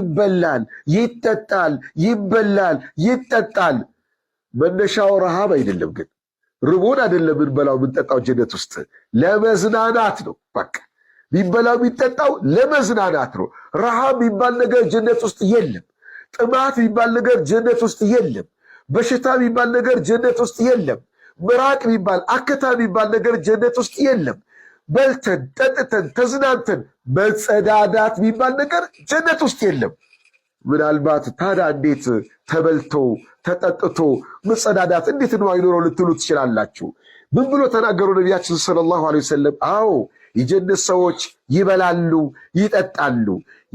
ይበላል፣ ይጠጣል፣ ይበላል፣ ይጠጣል። መነሻው ረሃብ አይደለም ግን ርቦን አይደለም የምንበላው የምንጠጣው ጀነት ውስጥ ለመዝናናት ነው። በቃ ሚበላው የሚጠጣው ለመዝናናት ነው። ረሃብ የሚባል ነገር ጀነት ውስጥ የለም። ጥማት የሚባል ነገር ጀነት ውስጥ የለም። በሽታ የሚባል ነገር ጀነት ውስጥ የለም። ምራቅ የሚባል አከታ የሚባል ነገር ጀነት ውስጥ የለም። በልተን ጠጥተን ተዝናንተን መጸዳዳት የሚባል ነገር ጀነት ውስጥ የለም። ምናልባት ታዲያ እንዴት ተበልቶ ተጠጥቶ መጸዳዳት እንዴት ነው አይኖረው ልትሉ ትችላላችሁ። ምን ብሎ ተናገሩ ነቢያችን ሰለላሁ ዐለይሂ ወሰለም? አዎ የጀነት ሰዎች ይበላሉ፣ ይጠጣሉ።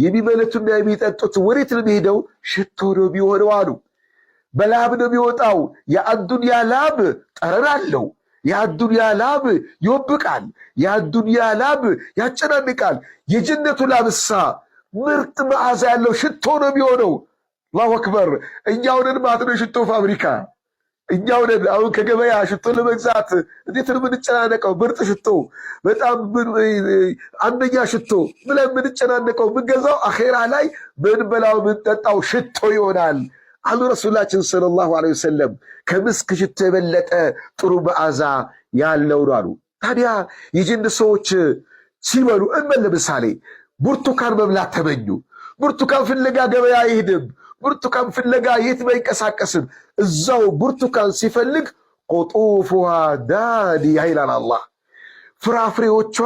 የሚበሉትና የሚጠጡት ወዴት ነው የሚሄደው? ሽቶ ነው የሚሆነው አሉ። በላብ ነው የሚወጣው። የአዱንያ ላብ ጠረን አለው። የአዱንያ ላብ ይወብቃል፣ የአዱንያ ላብ ያጨናንቃል። የጀነቱ ላብሳ ምርጥ መዓዛ ያለው ሽቶ ነው የሚሆነው። አላሁ አክበር! እኛውንን ማለት ነው የሽቶ ፋብሪካ እኛውንን። አሁን ከገበያ ሽቶ ለመግዛት እንዴት ነው የምንጨናነቀው? ምርጥ ሽቶ፣ በጣም አንደኛ ሽቶ ብለን የምንጨናነቀው፣ የምንገዛው አኼራ ላይ ምንበላው ምንጠጣው ሽቶ ይሆናል። አሉ ረሱላችን ሰለላሁ ዐለይሂ ወሰለም ከምስክ ሽቶ የበለጠ ጥሩ መዓዛ ያለው ነው አሉ። ታዲያ የጅን ሰዎች ሲበሉ እመን ለምሳሌ ብርቱካን መብላት ተመኙ። ብርቱካን ፍለጋ ገበያ አይሄድም። ብርቱካን ፍለጋ የትም አይንቀሳቀስም። እዛው ብርቱካን ሲፈልግ ቆጡፉሃ ዳንያ ይላል አላህ። ፍራፍሬዎቿ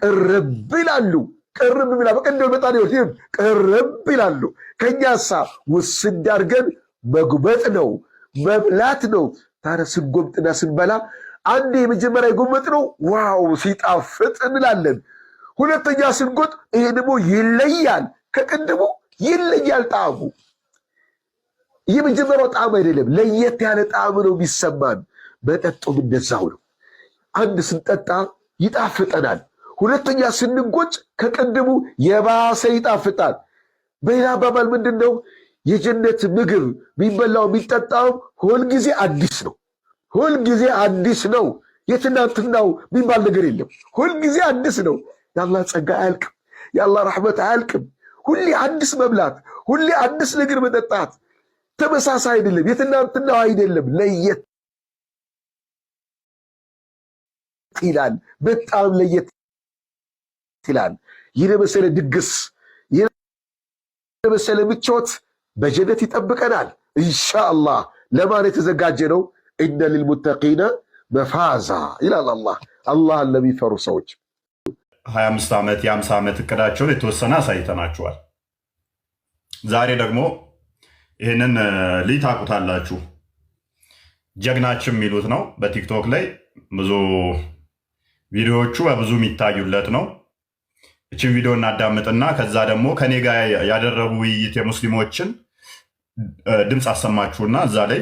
ቅርብ ይላሉ። ቅርብ ይላል። በቃ እንደው በጣም ይወት ቅርብ ይላሉ። ከኛሳ ውስድ አድርገን መጉበጥ ነው መብላት ነው። ታዲያ ስንጎምጥና ስንበላ አንድ የመጀመሪያ የጎመጥ ነው ዋው ሲጣፍጥ እንላለን። ሁለተኛ ስንጎጥ ይሄ ደግሞ ይለያል፣ ከቅድሙ ይለያል ጣዕሙ። የመጀመሪያው ጣዕም አይደለም፣ ለየት ያለ ጣዕም ነው የሚሰማን። መጠጡም እንደዛው ነው። አንድ ስንጠጣ ይጣፍጠናል። ሁለተኛ ስንጎጭ ከቅድሙ የባሰ ይጣፍጣል። በሌላ አባባል ምንድን ነው? የጀነት ምግብ የሚበላው የሚጠጣውም ሁልጊዜ አዲስ ነው። ሁልጊዜ አዲስ ነው። የትናንትናው የሚባል ነገር የለም። ሁልጊዜ አዲስ ነው። የአላህ ጸጋ አያልቅም። የአላህ ረሕመት አያልቅም። ሁሌ አዲስ መብላት፣ ሁሌ አዲስ ነገር መጠጣት፣ ተመሳሳይ አይደለም። የትናንትናው አይደለም። ለየት ይላል። በጣም ለየት ይላል። ይህን የመሰለ ድግስ፣ ይህን የመሰለ ምቾት በጀነት ይጠብቀናል ኢንሻአላህ። ለማን የተዘጋጀ ነው? እነ ሊልሙተቂነ መፋዛ ይላል አላህ። አላህን ለሚፈሩ ሰዎች ሀያ አምስት ዓመት የአምሳ ዓመት እቅዳቸውን የተወሰነ አሳይተናችኋል። ዛሬ ደግሞ ይህንን ልጅ ታውቁታላችሁ፣ ጀግናችን የሚሉት ነው። በቲክቶክ ላይ ብዙ ቪዲዮዎቹ በብዙ የሚታዩለት ነው። እችን ቪዲዮ እናዳምጥና ከዛ ደግሞ ከኔ ጋር ያደረጉ ውይይት የሙስሊሞችን ድምፅ አሰማችሁና እዛ ላይ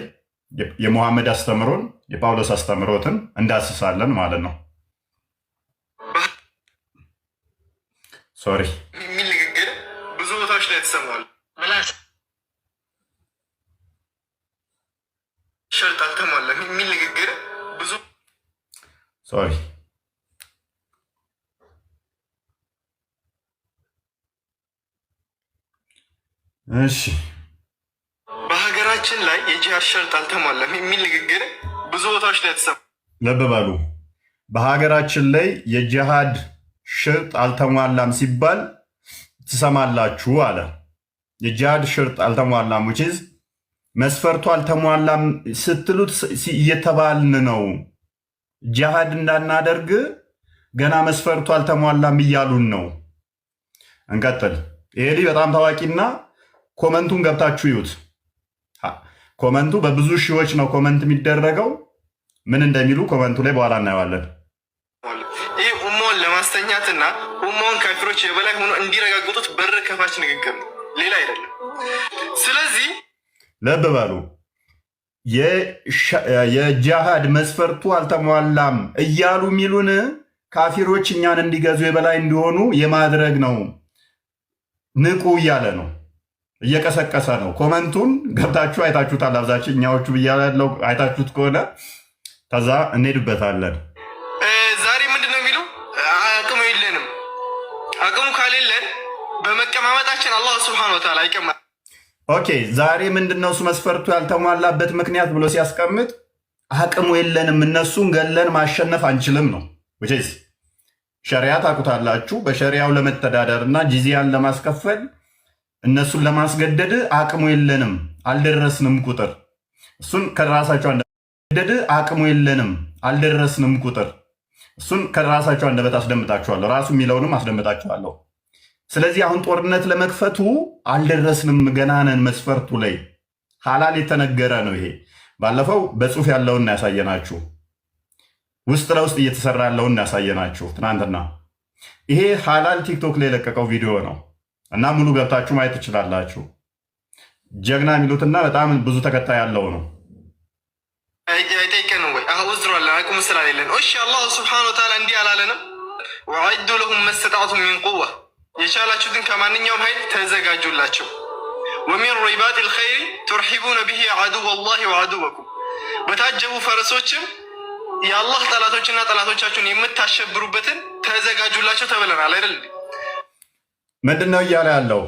የሙሐመድ አስተምሮን የጳውሎስ አስተምሮትን እንዳስሳለን ማለት ነው። ሶሪ የሚል ንግግር ብዙ ቦታዎች ላይ ተሰማል። ሸርጥ አልተሟላም የሚል ንግግር ብዙ ሶሪ እሺ በሀገራችን ላይ የጂሃድ ሸርጥ አልተሟላም የሚል ንግግር ብዙ ቦታዎች ላይ ተሰማ። ለብ በሉ። በሀገራችን ላይ የጂሃድ ሽርጥ አልተሟላም ሲባል ትሰማላችሁ አለ። የጂሃድ ሽርጥ አልተሟላም ውችዝ መስፈርቱ አልተሟላም ስትሉት እየተባልን ነው። ጂሃድ እንዳናደርግ ገና መስፈርቱ አልተሟላም እያሉን ነው። እንቀጥል። ይሄ በጣም ታዋቂና ኮመንቱን ገብታችሁ ይዩት። ኮመንቱ በብዙ ሺዎች ነው ኮመንት የሚደረገው። ምን እንደሚሉ ኮመንቱ ላይ በኋላ እናየዋለን። ይህ ኡማውን ለማስተኛትና ኡማውን ካፊሮች የበላይ ሆኖ እንዲረጋግጡት በር ከፋች ንግግር ነው፣ ሌላ አይደለም። ስለዚህ ለብ በሉ። የጃሃድ መስፈርቱ አልተሟላም እያሉ የሚሉን ካፊሮች እኛን እንዲገዙ የበላይ እንዲሆኑ የማድረግ ነው። ንቁ እያለ ነው። እየቀሰቀሰ ነው። ኮመንቱን ገብታችሁ አይታችሁታል። አብዛችኛዎቹ ብያለሁ፣ አይታችሁት ከሆነ ከዛ እንሄድበታለን። ዛሬ ምንድን ነው የሚለው? አቅሙ የለንም። አቅሙ ካሌለን በመቀማመጣችን አላህ ሱብሃነሁ ወተዓላ አይቀማ። ኦኬ፣ ዛሬ ምንድን ነው እሱ መስፈርቱ ያልተሟላበት ምክንያት ብሎ ሲያስቀምጥ አቅሙ የለንም፣ እነሱን ገለን ማሸነፍ አንችልም ነው ሸሪያ ታቁታላችሁ። በሸሪያው ለመተዳደር እና ጂዚያን ለማስከፈል እነሱን ለማስገደድ አቅሙ የለንም፣ አልደረስንም ቁጥር እሱን ከራሳቸው አንደበት አቅሙ የለንም፣ አልደረስንም ቁጥር እሱን ከራሳቸው አንደበት አስደምጣችኋለሁ። ራሱ የሚለውንም አስደምጣችኋለሁ። ስለዚህ አሁን ጦርነት ለመክፈቱ አልደረስንም፣ ገናነን መስፈርቱ ላይ ሀላል የተነገረ ነው። ይሄ ባለፈው በጽሁፍ ያለውን ያሳየናችሁ፣ ውስጥ ለውስጥ እየተሰራ ያለውን ያሳየናችሁ ትናንትና። ይሄ ሀላል ቲክቶክ ላይ የለቀቀው ቪዲዮ ነው። እና ሙሉ ገብታችሁ ማየት ትችላላችሁ። ጀግና የሚሉትና በጣም ብዙ ተከታይ ያለው ነው። አይጠይቀንም ወይ? አውዝሯለን አቅሙ ስላሌለን። እሺ አላህ ስብሐነሁ ወተዓላ እንዲህ አላለንም? ወአዱ ለሁም መስተጣቱ ሚን ቁዋ የቻላችሁትን ከማንኛውም ኃይል ተዘጋጁላቸው። ወሚን ሪባጢ ልኸይር ቱርሒቡነ ብሂ አድወ ላሂ ወአድወኩም በታጀቡ ፈረሶችም የአላህ ጠላቶችና ጠላቶቻችሁን የምታሸብሩበትን ተዘጋጁላቸው ተብለናል አይደል? ምንድን ነው እያለ ያለው?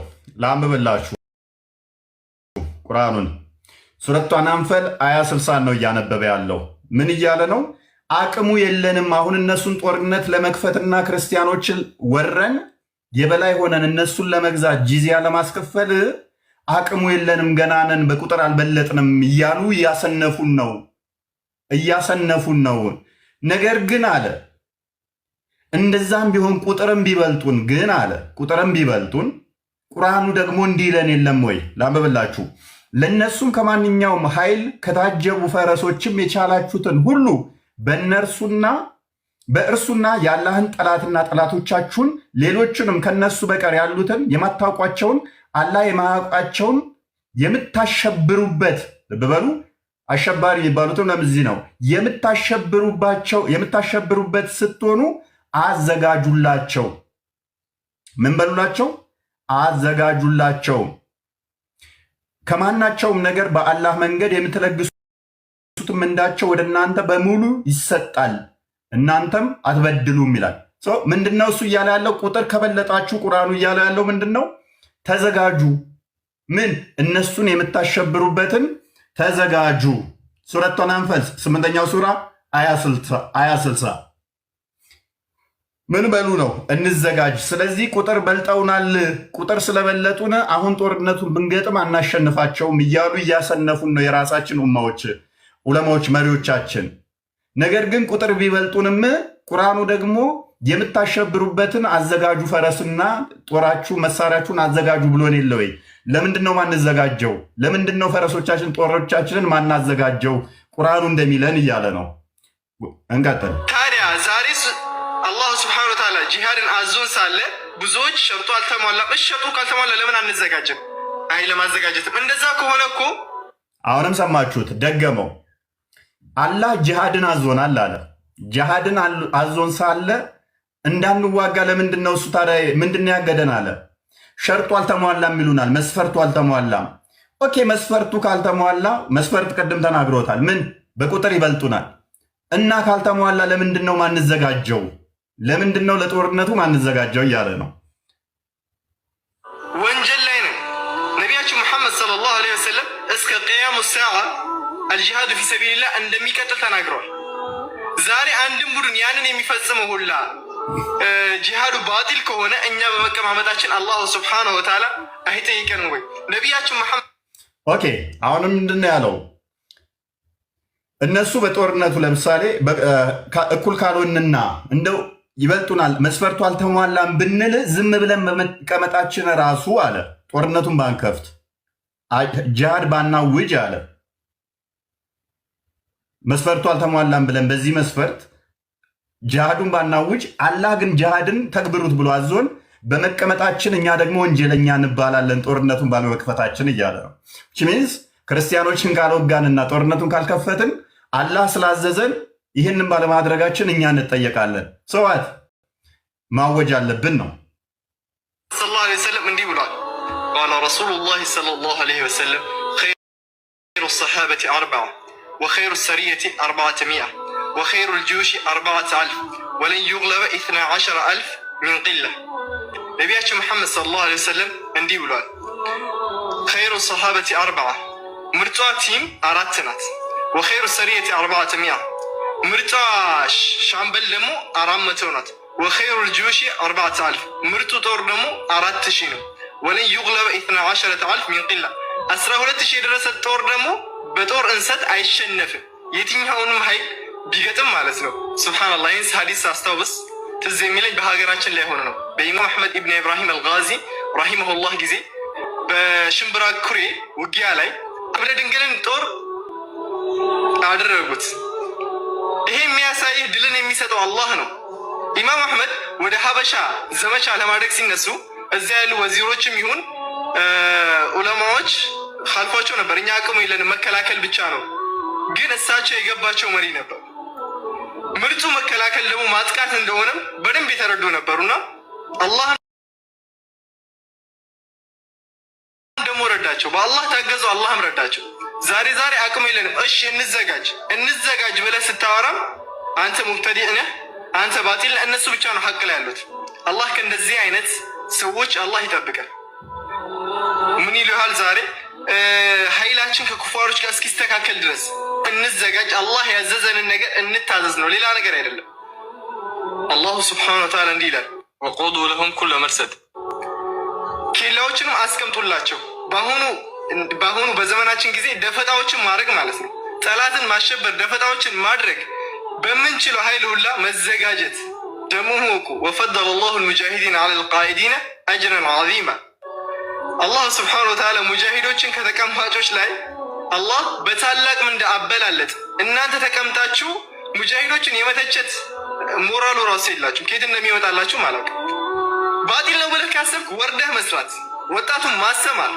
ለአንብብላችሁ ቁርአኑን ሱረቱ አንፈል አያ ስልሳን ነው እያነበበ ያለው። ምን እያለ ነው? አቅሙ የለንም አሁን እነሱን ጦርነት ለመክፈትና ክርስቲያኖችን ወረን የበላይ ሆነን እነሱን ለመግዛት ጂዚያ ለማስከፈል አቅሙ የለንም፣ ገናነን፣ በቁጥር አልበለጥንም እያሉ እያሰነፉን ነው እያሰነፉን ነው። ነገር ግን አለ እንደዛም ቢሆን ቁጥርም ቢበልጡን ግን አለ ቁጥርም ቢበልጡን ቁርአኑ ደግሞ እንዲህ ይለን የለም ወይ? ላንብብላችሁ። ለእነሱም ከማንኛውም ኃይል ከታጀቡ ፈረሶችም የቻላችሁትን ሁሉ በእነርሱና በእርሱና የአላህን ጠላትና ጠላቶቻችሁን ሌሎችንም ከነሱ በቀር ያሉትን የማታውቋቸውን አላህ የማያውቃቸውን የምታሸብሩበት ልብ አሸባሪ የሚባሉትም ለምዚህ ነው የምታሸብሩባቸው የምታሸብሩበት ስትሆኑ አዘጋጁላቸው። ምን በሉላቸው? አዘጋጁላቸው። ከማናቸውም ነገር በአላህ መንገድ የምትለግሱት ምንዳቸው ወደ እናንተ በሙሉ ይሰጣል፣ እናንተም አትበድሉም ይላል። ምንድነው እሱ እያለ ያለው? ቁጥር ከበለጣችሁ ቁርአኑ እያለ ያለው ምንድን ነው? ተዘጋጁ። ምን እነሱን የምታሸብሩበትን ተዘጋጁ። ሱረቱን አንፈል ስምንተኛው ሱራ አያ ስልሳ ምን በሉ ነው እንዘጋጅ። ስለዚህ ቁጥር በልጠውናል፣ ቁጥር ስለበለጡን አሁን ጦርነቱን ብንገጥም አናሸንፋቸውም እያሉ እያሰነፉን ነው የራሳችን ኡማዎች፣ ዑለማዎች፣ መሪዎቻችን። ነገር ግን ቁጥር ቢበልጡንም ቁርአኑ ደግሞ የምታሸብሩበትን አዘጋጁ፣ ፈረስና ጦራችሁ መሳሪያችሁን አዘጋጁ ብሎን የለ ወይ? ለምንድን ነው ማንዘጋጀው? ለምንድን ነው ፈረሶቻችን ጦሮቻችንን ማናዘጋጀው? ቁርአኑ እንደሚለን እያለ ነው። እንቀጥል ታዲያ ዛሬ ጂሃድን አዞን ሳለ ብዙዎች ሸርጦ አልተሟላም። እሺ ካልተሟላ ለምን አንዘጋጅም? አይ ለማዘጋጀትም እንደዛ ከሆነ እኮ አሁንም ሰማችሁት፣ ደገመው። አላህ ጂሃድን አዞናል አለ። ጂሃድን አዞን ሳለ እንዳንዋጋ ለምንድን ነው እሱ ታዲያ ምንድን ያገደን አለ። ሸርጡ አልተሟላም ይሉናል፣ መስፈርቱ አልተሟላም። ኦኬ መስፈርቱ ካልተሟላ መስፈርት ቅድም ተናግሮታል። ምን በቁጥር ይበልጡናል እና ካልተሟላ ለምንድን ነው ማንዘጋጀው? ለምንድን ነው ለጦርነቱ ማንዘጋጀው እያለ ነው። ወንጀል ላይ ነው። ነቢያችን ሙሐመድ ሰለላሁ ዐለይሂ ወሰለም እስከ ቅያሙ ሰዓ አልጂሃዱ ፊ ሰቢልላህ እንደሚቀጥል ተናግረዋል። ዛሬ አንድም ቡድን ያንን የሚፈጽመው ሁላ ጂሃዱ ባጢል ከሆነ እኛ በመቀማመጣችን አላሁ ስብሓነሁ ወተዓላ አይጠይቀን ወይ? ነቢያችን ሙሐመድ ኦኬ። አሁንም ምንድን ነው ያለው? እነሱ በጦርነቱ ለምሳሌ እኩል ካልሆንና እንደው ይበልጡናል መስፈርቱ አልተሟላም ብንል ዝም ብለን በመቀመጣችን ራሱ አለ ጦርነቱን ባንከፍት ጃድ ባናውጅ አለ መስፈርቱ አልተሟላም ብለን በዚህ መስፈርት ጃሃዱን ባናውጅ አላህ ግን ጅሃድን ተግብሩት ብሎ አዞን በመቀመጣችን እኛ ደግሞ ወንጀለኛ እንባላለን ጦርነቱን ባለመክፈታችን እያለ ነው። ችሚንስ ክርስቲያኖችን ካልወጋንና ጦርነቱን ካልከፈትን አላህ ስላዘዘን ይህንን ባለማድረጋችን እኛ እንጠየቃለን። ሰዋት ማወጅ አለብን ነው ሰለም እንዲህ ብሏል። ቃለ ረሱሉላህ ሰለላሁ ዐለይሂ ወሰለም ኸይሩ ሰሓበቲ አርበዓ ወኸይሩ ሰሪየቲ አርበዓተ ሚአ ወኸይሩ ልጅዩሽ አርበዓተ አልፍ ወለን ዩግለበ ኢስና ዓሸረ አልፍ ሚን ቂላ። ነቢያችን መሐመድ ሰለላሁ ዐለይሂ ወሰለም እንዲህ ብሏል። ኸይሩ ሰሓበቲ አርበዓ ምርጧ ቲም አራት ናት። ወኸይሩ ሰሪየቲ አርበዓተ ሚአ ምርጫ ሻምበል ደግሞ አራት መቶ ናት። ወኸይሩ ልጅዮሽ አርባዕተ አልፍ ምርጡ ጦር ደግሞ አራት ሺህ ነው። ወለን ዩቅለበ ኢትና ዓሸረተ አልፍ ሚንቅላ አስራ ሁለት ሺህ የደረሰ ጦር ደግሞ በጦር እንሰት አይሸነፍም የትኛውንም ሀይል ቢገጥም ማለት ነው። ሱብሓነላህ ይህን ሀዲስ አስታውስ ትዝ የሚለኝ በሀገራችን ላይ ሆነ ነው። በኢማም አሕመድ ኢብን ኢብራሂም አልጋዚ ረሂመሁላህ ጊዜ በሽምብራ ኩሬ ውጊያ ላይ አብረ ድንግልን ጦር አደረጉት። ይሄ የሚያሳይህ ድልን የሚሰጠው አላህ ነው። ኢማም አሕመድ ወደ ሀበሻ ዘመቻ ለማድረግ ሲነሱ እዚያ ያሉ ወዚሮችም ይሁን ዑለማዎች ካልፏቸው ነበር። እኛ አቅሙ የለንም መከላከል ብቻ ነው። ግን እሳቸው የገባቸው መሪ ነበር። ምርጡ መከላከል ደግሞ ማጥቃት እንደሆነም በደንብ የተረዱ ነበሩና አላህ ደግሞ ረዳቸው። በአላህ ታገዙ፣ አላህም ረዳቸው። ዛሬ ዛሬ አቅሙ የለንም። እሺ እንዘጋጅ እንዘጋጅ ብለህ ስታወራም አንተ ሙብተዲ ነህ፣ አንተ ባጢል እነሱ ብቻ ነው ሀቅ ላይ ያሉት። አላህ ከእንደዚህ አይነት ሰዎች አላህ ይጠብቀን። ምን ይልሃል ዛሬ ኃይላችን ከኩፋሮች ጋር እስኪስተካከል ድረስ እንዘጋጅ፣ አላህ ያዘዘንን ነገር እንታዘዝ ነው፣ ሌላ ነገር አይደለም። አላሁ ስብሓነሁ ወተዓላ እንዲህ ይላል፣ ወቁዱ ለሁም ኩለ መርሰድ ኬላዎችንም አስቀምጡላቸው በአሁኑ በአሁኑ በዘመናችን ጊዜ ደፈጣዎችን ማድረግ ማለት ነው። ጠላትን ማሸበር፣ ደፈጣዎችን ማድረግ በምንችለው ኃይል ሁላ መዘጋጀት ደሞ ሞቁ ወፈደለ ላሁ ልሙጃሂዲን አላ ልቃኢዲነ አጅረን ዓዚማ። አላህ ስብሓነ ወተዓላ ሙጃሂዶችን ከተቀማጮች ላይ አላህ በታላቅ ምንዳ አበላለጥ። እናንተ ተቀምጣችሁ ሙጃሂዶችን የመተቸት ሞራሉ ራሱ የላችሁ ከየት እንደሚመጣላችሁ ማለት ባጢል ነው ብለህ ካሰብክ ወርደህ መስራት፣ ወጣቱን ማሰማር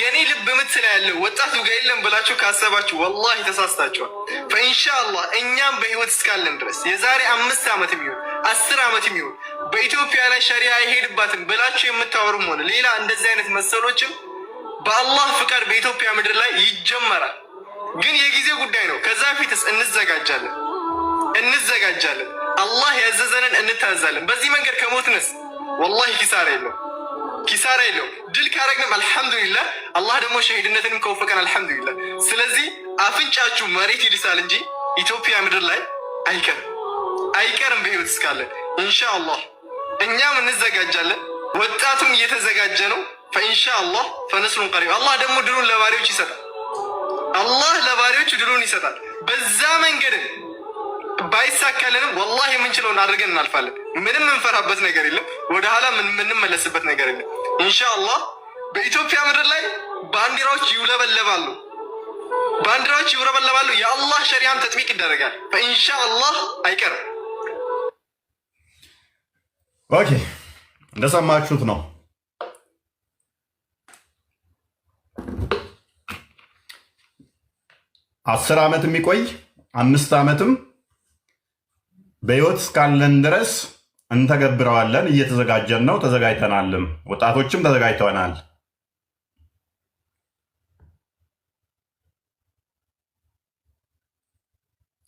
የኔ ልብ ምት ነው ያለው ወጣቱ ጋር የለም ብላችሁ ካሰባችሁ ወላሂ ተሳስታችኋል። ፈኢንሻአላህ እኛም በህይወት እስካለን ድረስ የዛሬ አምስት ዓመት የሚሆን አስር ዓመት የሚሆን በኢትዮጵያ ላይ ሸሪያ አይሄድባትም ብላችሁ የምታወሩም ሆነ ሌላ እንደዚህ አይነት መሰሎችም በአላህ ፍቃድ በኢትዮጵያ ምድር ላይ ይጀመራል። ግን የጊዜ ጉዳይ ነው። ከዛ ፊትስ እንዘጋጃለን እንዘጋጃለን። አላህ ያዘዘንን እንታዛለን። በዚህ መንገድ ከሞትንስ ወላሂ ኪሳራ የለው። ኪሳራ የለው። ድል ካረግንም አልሐምዱሊላህ፣ አላህ ደግሞ ሸሂድነትንም ከወፈቀን አልሐምዱሊላ። ስለዚህ አፍንጫችሁ መሬት ይልሳል እንጂ ኢትዮጵያ ምድር ላይ አይቀርም አይቀርም፣ በህይወት እስካለን ኢንሻአላህ። እኛም እንዘጋጃለን፣ ወጣቱም እየተዘጋጀ ነው። ፈኢንሻአላህ ፈነስሩን ቀሪብ። አላህ ደግሞ ድሉን ለባሪዎች ይሰጣል። አላህ ለባሪዎች ድሉን ይሰጣል። በዛ መንገድ ባይሳካልንም ወላሂ የምንችለውን አድርገን እናልፋለን። ምንም የምንፈራበት ነገር የለም። ወደ ኋላ ምንም የምንመለስበት ነገር የለም። ኢንሻአላህ በኢትዮጵያ ምድር ላይ ባንዲራዎች ይውለበለባሉ፣ ባንዲራዎች ይውለበለባሉ። የአላህ ሸሪዓም ተጥቢቅ ይደረጋል በኢንሻአላህ አይቀርም። ኦኬ እንደሰማችሁት ነው። አስር ዓመት የሚቆይ አምስት ዓመትም በህይወት እስካለን ድረስ እንተገብረዋለን። እየተዘጋጀን ነው፣ ተዘጋጅተናልም። ወጣቶችም ተዘጋጅተናል።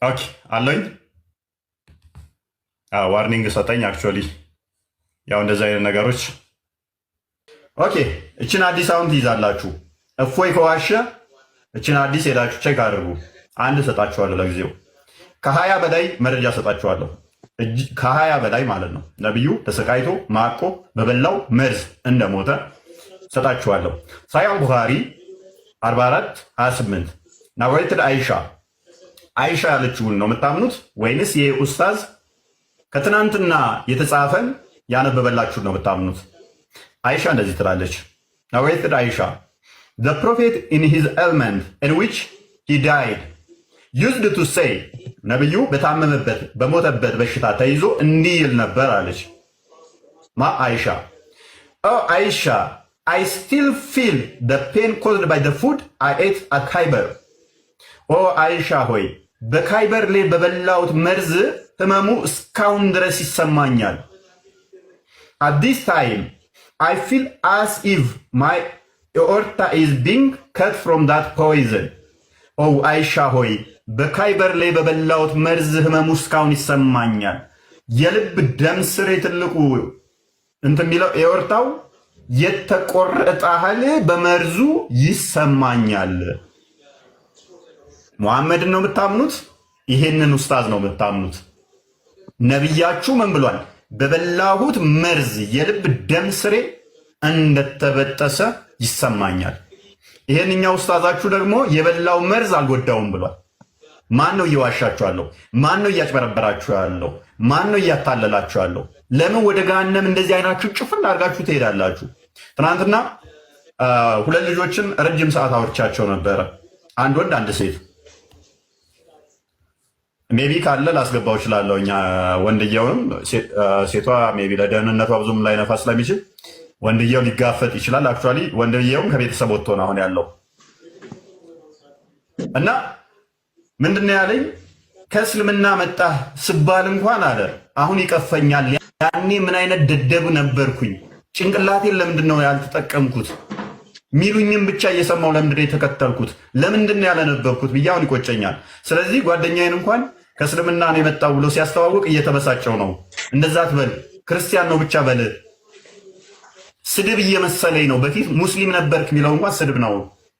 ኦኬ አለኝ ዋርኒንግ ሰጠኝ። አክቹዋሊ ያው እንደዚህ አይነት ነገሮች ኦኬ። እችን አዲስ አሁን ትይዛላችሁ። እፎይ ከዋሸ እችን አዲስ ሄዳችሁ ቼክ አድርጉ። አንድ ሰጣችኋለሁ፣ ለጊዜው ከሀያ በላይ መረጃ ሰጣችኋለሁ። ከሀያ በላይ ማለት ነው። ነቢዩ ተሰቃይቶ ማቆ በበላው መርዝ እንደሞተ ሰጣችኋለሁ። ሳያ ቡኻሪ 44 28 ናወይትል አይሻ አይሻ ያለችውን ነው የምታምኑት ወይንስ ይሄ ኡስታዝ ከትናንትና የተጻፈን ያነበበላችሁ ነው የምታምኑት? አይሻ እንደዚህ ትላለች። ናወይትል አይሻ ፕሮፌት prophet in his ailment in ዩዝድ ቱ ሰይ ነቢዩ በታመመበት በሞተበት በሽታ ተይዞ እንዲህ ይል ነበር አለች። ማ አይሻ ኦ አይሻ አይ ስቲል ፊል ደ ፔን ኮዝድ ባይ ደ ፉድ አይ ኤት አት ካይበር። ኦ አይሻ ሆይ በካይበር ላይ በበላሁት መርዝ ህመሙ እስካሁን ድረስ ይሰማኛል። አት ዲስ ታይም አይ ፊል አስ ኢቭ ማይ ኤኦርታ ኢዝ ቢንግ ከት ፍሮም ዳት ፖይዘን። ኦ አይሻ ሆይ በካይበር ላይ በበላሁት መርዝ ህመም እስካሁን ይሰማኛል። የልብ ደም ስሬ ትልቁ እንት የሚለው ኤወርታው የተቆረጠ አህል በመርዙ ይሰማኛል። ሙሐመድን ነው የምታምኑት? ይሄንን ኡስታዝ ነው የምታምኑት? ነቢያችሁ ምን ብሏል? በበላሁት መርዝ የልብ ደም ስሬ እንደተበጠሰ ይሰማኛል። ይሄንኛው ኡስታዛችሁ ደግሞ የበላው መርዝ አልጎዳውም ብሏል። ማን ነው እየዋሻችሁ ያለው? ማን ነው እያጭበረበራችሁ ያለው? ማን ነው እያታለላችሁ ያለው? ለምን ወደ ገሃነም እንደዚህ አይናችሁ ጭፍን አድርጋችሁ ትሄዳላችሁ? ትናንትና ሁለት ልጆችን ረጅም ሰዓት አውርቻቸው ነበረ። አንድ ወንድ፣ አንድ ሴት። ሜቢ ካለ ላስገባው እችላለሁ። እኛ ወንድየውንም ሴቷ ሜቢ ለደህንነቷ ብዙም ላይነፋ ስለሚችል ወንድየው ሊጋፈጥ ይችላል። አክቹዋሊ ወንድየውም ከቤተሰብ ወጥቶ ነው አሁን ያለው እና ምንድን ያለኝ ከእስልምና መጣህ ስባል እንኳን አለ አሁን ይቀፈኛል። ያኔ ምን አይነት ደደብ ነበርኩኝ፣ ጭንቅላቴን ለምንድን ነው ያልተጠቀምኩት? ሚሉኝም ብቻ እየሰማው ለምንድን ነው የተከተልኩት? ለምንድን ነው ያለነበርኩት ብዬ አሁን ይቆጨኛል። ስለዚህ ጓደኛዬን እንኳን ከእስልምና ነው የመጣው ብሎ ሲያስተዋውቅ እየተበሳጨው ነው። እንደዛ ትበል ክርስቲያን ነው ብቻ በል። ስድብ እየመሰለኝ ነው። በፊት ሙስሊም ነበርክ የሚለው እንኳን ስድብ ነው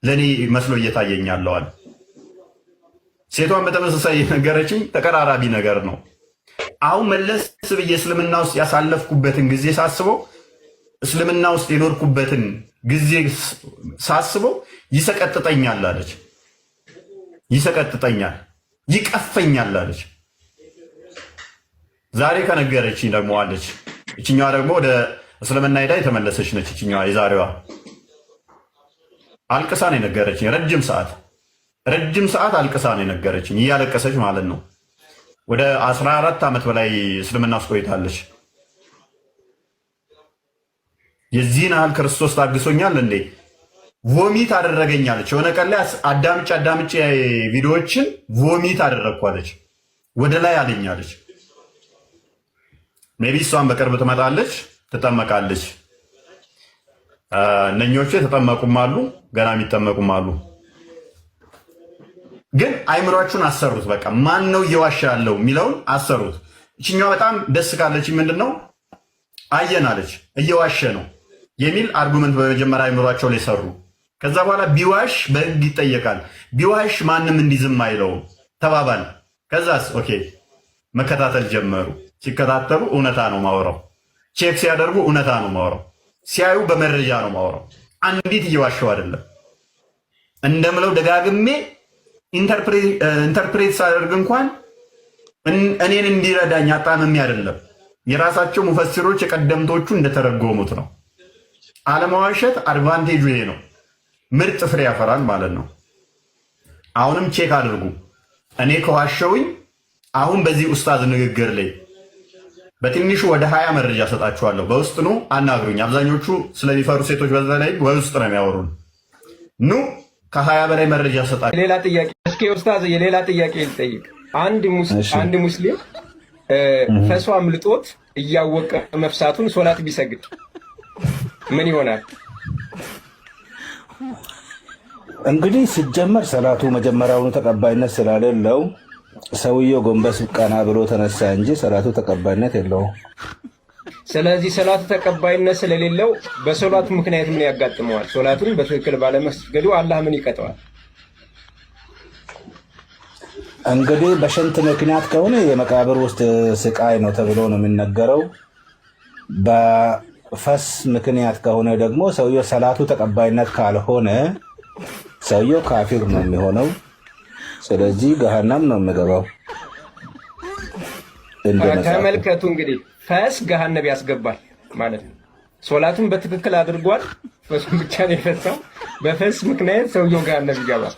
ለእኔ መስሎ እየታየኛለዋል። ሴቷን በተመሳሳይ የነገረችኝ ተቀራራቢ ነገር ነው። አሁን መለስ ብዬ እስልምና ውስጥ ያሳለፍኩበትን ጊዜ ሳስበው እስልምና ውስጥ የኖርኩበትን ጊዜ ሳስበው ይሰቀጥጠኛል አለች። ይሰቀጥጠኛል፣ ይቀፈኛል አለች። ዛሬ ከነገረችኝ ደግሞ አለች። እችኛዋ ደግሞ ወደ እስልምና ሄዳ የተመለሰች ነች። እችኛዋ የዛሬዋ አልቅሳ ነው የነገረችኝ ረጅም ሰዓት ረጅም ሰዓት አልቅሳ ነው የነገረችኝ፣ እያለቀሰች ማለት ነው። ወደ አስራ ዓመት በላይ እስልምና ውስጥ ቆይታለች። የዚህን ያህል ክርስቶስ ታግሶኛል እንዴ ቮሚት አደረገኛለች። የሆነ ቀን ላይ አዳምጭ አዳምጭ ቪዲዮዎችን ቮሚት አደረግኳለች፣ ወደ ላይ አለኛለች። ሜቢ እሷን በቅርብ ትመጣለች፣ ትጠመቃለች። እነኞቹ የተጠመቁም አሉ፣ ገና የሚጠመቁም አሉ። ግን አይምሯችሁን አሰሩት። በቃ ማን ነው እየዋሻ ያለው የሚለውን አሰሩት። ይችኛዋ በጣም ደስ ካለች ምንድን ነው አየን አለች እየዋሸ ነው የሚል አርጉመንት በመጀመሪያ አይምሯቸው ላይ ሰሩ። ከዛ በኋላ ቢዋሽ በህግ ይጠየቃል። ቢዋሽ ማንም እንዲዝም አይለውም ተባባል። ከዛስ ኦኬ መከታተል ጀመሩ። ሲከታተሉ እውነታ ነው ማውራው፣ ቼክ ሲያደርጉ እውነታ ነው ማውራው፣ ሲያዩ በመረጃ ነው ማውራው። አንዲት እየዋሸው አይደለም እንደምለው ደጋግሜ ኢንተርፕሬት ሳደርግ እንኳን እኔን እንዲረዳኝ አጣምሜ አይደለም። የራሳቸው ሙፈሲሮች የቀደምቶቹ እንደተረጎሙት ነው። አለማዋሸት አድቫንቴጁ ይሄ ነው። ምርጥ ፍሬ ያፈራል ማለት ነው። አሁንም ቼክ አድርጉ። እኔ ከዋሸውኝ አሁን በዚህ ኡስታዝ ንግግር ላይ በትንሹ ወደ ሀያ መረጃ ሰጣችኋለሁ። በውስጥ ኑ አናግሩኝ። አብዛኞቹ ስለሚፈሩ ሴቶች በተለይ ላይ በውስጥ ነው የሚያወሩን። ኑ ከሀያ በላይ መረጃ ሰጣችሁ። ሌላ ጥያቄ እስኪ ኡስታዝ የሌላ ጥያቄ ልጠይቅ። አንድ ሙስሊም ፈሷ አምልጦት እያወቀ መፍሳቱን ሶላት ቢሰግድ ምን ይሆናል? እንግዲህ ሲጀመር ሰላቱ መጀመሪያውኑ ተቀባይነት ስላሌለው ሰውየው ጎንበስ ቀና ብሎ ተነሳ እንጂ ሰላቱ ተቀባይነት የለውም። ስለዚህ ሰላቱ ተቀባይነት ስለሌለው በሶላቱ ምክንያት ምን ያጋጥመዋል? ሶላቱን በትክክል ባለመስገዱ አላህ ምን ይቀጠዋል? እንግዲህ በሽንት ምክንያት ከሆነ የመቃብር ውስጥ ስቃይ ነው ተብሎ ነው የሚነገረው። በፈስ ምክንያት ከሆነ ደግሞ ሰውየው ሰላቱ ተቀባይነት ካልሆነ ሰውየው ካፊር ነው የሚሆነው። ስለዚህ ገሃናም ነው የሚገባው። ተመልከቱ እንግዲህ ፈስ ገሃነብ ያስገባል ማለት ነው። ሶላቱን በትክክል አድርጓል። ፈሱን ብቻ ነው የፈሳው። በፈስ ምክንያት ሰውየው ገሃነብ ይገባል።